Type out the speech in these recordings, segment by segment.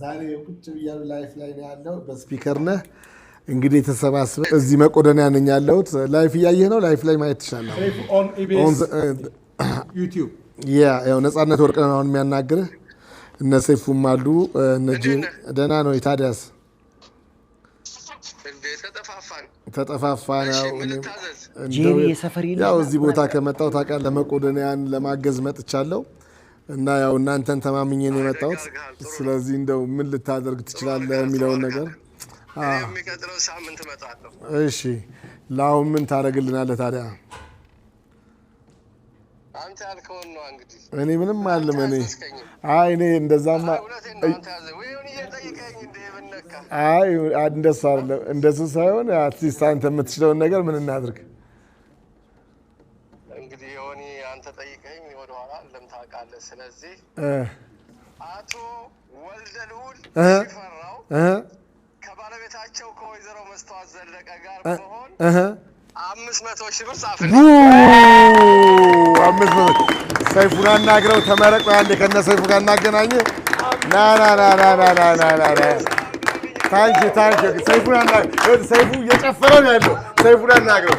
ዛሬ ቁጭ ብያለሁ። ላይፍ ላይ ነው ያለው። በስፒከር ነህ እንግዲህ የተሰባስበ እዚህ መቆደንያ ነኝ ያለሁት። ላይፍ እያየህ ነው። ላይፍ ላይ ማየት ትችላለህ። ነጻነት ወርቅነህ ነው አሁን የሚያናግርህ። እነ ሰይፉም አሉ። ደህና ነው። የታዲያስ ተጠፋፋ ነው። እዚህ ቦታ ከመጣሁ ታውቃለህ፣ መቆደንያን ለማገዝ መጥቻለሁ። እና ያው እናንተን ተማምኜ ነው የመጣሁት። ስለዚህ እንደው ምን ልታደርግ ትችላለህ የሚለውን ነገር የሚቀጥለው ሳምንት እመጣለሁ። እሺ፣ ለአሁን ምን ታደርግልናለህ ታዲያ? እኔ ምንም አለም እኔ አይ እኔ እንደዛማ አይ እንደሱ አይደለም፣ እንደሱ ሳይሆን አትሊስት አንተ የምትችለውን ነገር ምን እናድርግ እንግዲህ አንተ ጠይቀ አታውቃለህ ታውቃለህ። ስለዚህ አቶ ወልደ ልዑል ሽፈራው ከባለቤታቸው ከወይዘሮ መስተዋት ዘለቀ ጋር በሆን አምስት መቶ ሺህ ብር ጻፍልኝ። አምስት መቶ ሰይፉን አናግረው ተመረቁ። አንዴ ከነ ሰይፉ ጋር እናገናኘ። ና ና ና ና ና ና ና ና ና ታንኪ ታንኪ። ሰይፉን አናግረው። ሰይፉ እየጨፈረ ነው ያለው። ሰይፉን አናግረው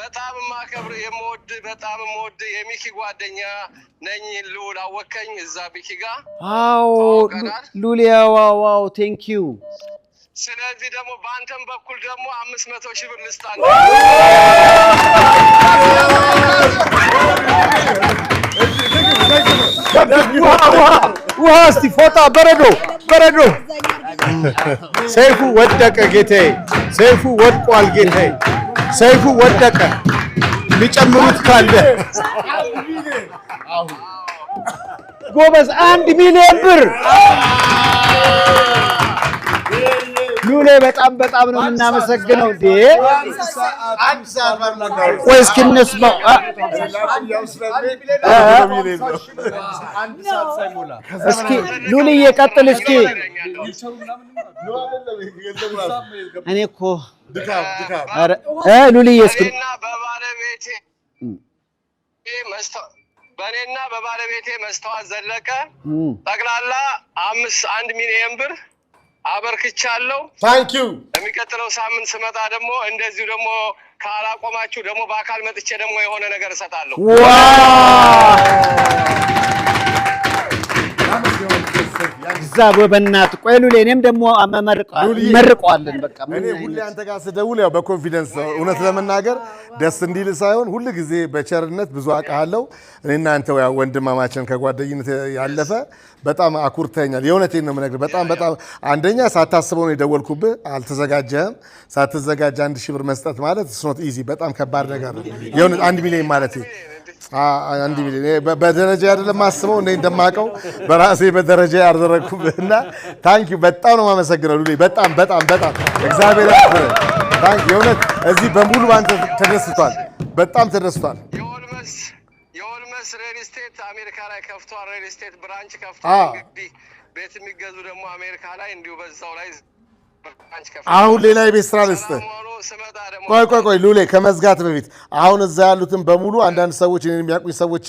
በጣም ማከብር የምወድ በጣም የምወድ የሚኪ ጓደኛ ነኝ። ልውል አወከኝ እዛ ቢኪ ጋር አዎ፣ ዋዋው ቴንክ ዩ። ስለዚህ ደግሞ በአንተም በኩል ደግሞ አምስት መቶ ሺህ ብር ልስጣ ውሃ እስቲ ፎጣ በረዶ በረዶ ሰይፉ ወደቀ ጌታዬ፣ ሰይፉ ወድቋል ጌታዬ። ሰይፉ ወደቀ። ሊጨምሩት ካለ ጎበዝ አንድ ሚሊዮን ብር ሉሌ በጣም በጣም ነው የምናመሰግነው። እንዴ ቆይ እስኪ እንስማው። እስኪ ሉልዬ ቀጥል እስኪ። እኔ እኮ ሉልዬ እስኪ በእኔና በባለቤቴ መስተዋት ዘለቀ ጠቅላላ አምስት አንድ ሚሊየን ብር አበርክቻለሁ። ታንክ ዩ። የሚቀጥለው ሳምንት ስመጣ ደግሞ እንደዚሁ ደግሞ ካላቆማችሁ ደግሞ በአካል መጥቼ ደግሞ የሆነ ነገር እሰጣለሁ። እዛ በበናት ቆይ ሉሌ፣ እኔም ደግሞ መርቀዋለን። በቃ እኔ ሁሌ አንተ ጋር ስደውል ያው በኮንፊደንስ ነው እውነት ለመናገር ደስ እንዲል ሳይሆን ሁል ጊዜ በቸርነት ብዙ አውቃለሁ። እኔና አንተ ያው ወንድማማችን ከጓደኝነት ያለፈ በጣም አኩርተኛል። የእውነቴን ነው የምነግርህ። በጣም በጣም አንደኛ ሳታስበው ነው የደወልኩብህ። አልተዘጋጀህም። ሳትዘጋጅ አንድ ሺህ ብር መስጠት ማለት ስኖት ኢዚ በጣም ከባድ ነገር ነው። የእውነት አንድ ሚሊዮን ማለት አንድ ሚሊዮን በደረጃ አይደለም ማስበው እኔ እንደማውቀው በራሴ በደረጃ ያደረግኩ እና ታንኪ በጣም ነው የማመሰግነው ሉሌ። በጣም በጣም በጣም እግዚአብሔር ታንኪ። የእውነት እዚህ በሙሉ ባንተ ተደስቷል፣ በጣም ተደስቷል። የኦልመስ ሬል ስቴት አሜሪካ ላይ ከፍቷል። ሬል ስቴት ብራንች ከፍቷል። እንግዲህ ቤት የሚገዙ ደግሞ አሜሪካ ላይ እንዲሁ በዛው ላይ አሁን ሌላ የቤት ስራ ልስጥህ። ቆይ ቆይ ቆይ ሉሌ ከመዝጋት በፊት አሁን እዛ ያሉትን በሙሉ አንዳንድ ሰዎች የሚያውቁኝ ሰዎች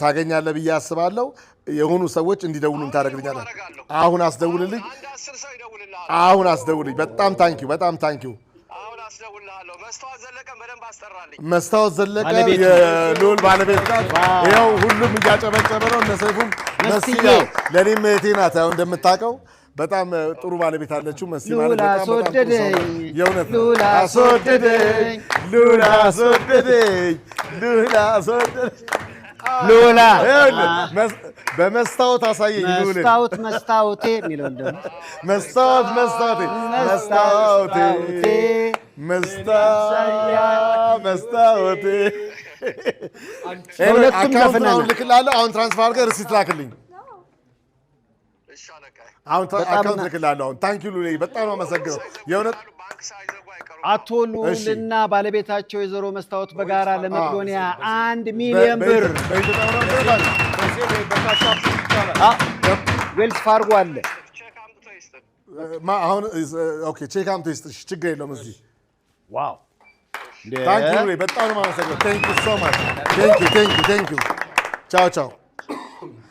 ታገኛለህ ብዬ አስባለሁ። የሆኑ ሰዎች እንዲደውሉ ታደርግልኛለህ። አሁን አስደውልልኝ፣ አሁን አስደውልኝ። በጣም ታንኪው፣ በጣም ታንኪው። መስታወት ዘለቀ የልዑል ባለቤት ናት። ይኸው ሁሉም እያጨበጨበ ነው። እነ ሰይፉም መሲ ለእኔም እህቴ ናት። ያው እንደምታውቀው በጣም ጥሩ ባለቤት አለችው። መስ ማለት በመስታወት አሳየኝ። መስታወት መስታወቴ የሚለውን ደግሞ መስታወት መስታወቴ መስታወቴ መስታወቴ አሁን ትራንስፈር አድርገህ ርሲት ላክልኝ። አሁን አካውንት ልክልሃለሁ። አሁን ታንኪዩ በጣም አመሰግነው የእውነት አቶ ልዑልና ባለቤታቸው የዘሮ መስታወት በጋራ ለመቄዶንያ አንድ ሚሊዮን ብር ዌልስ ፋርጎ አለ። ቼክ አምቶ ይስጥሽ፣ ችግር የለውም። እዚህ ዋው በጣም ነው የማመሰግነው። ቻው ቻው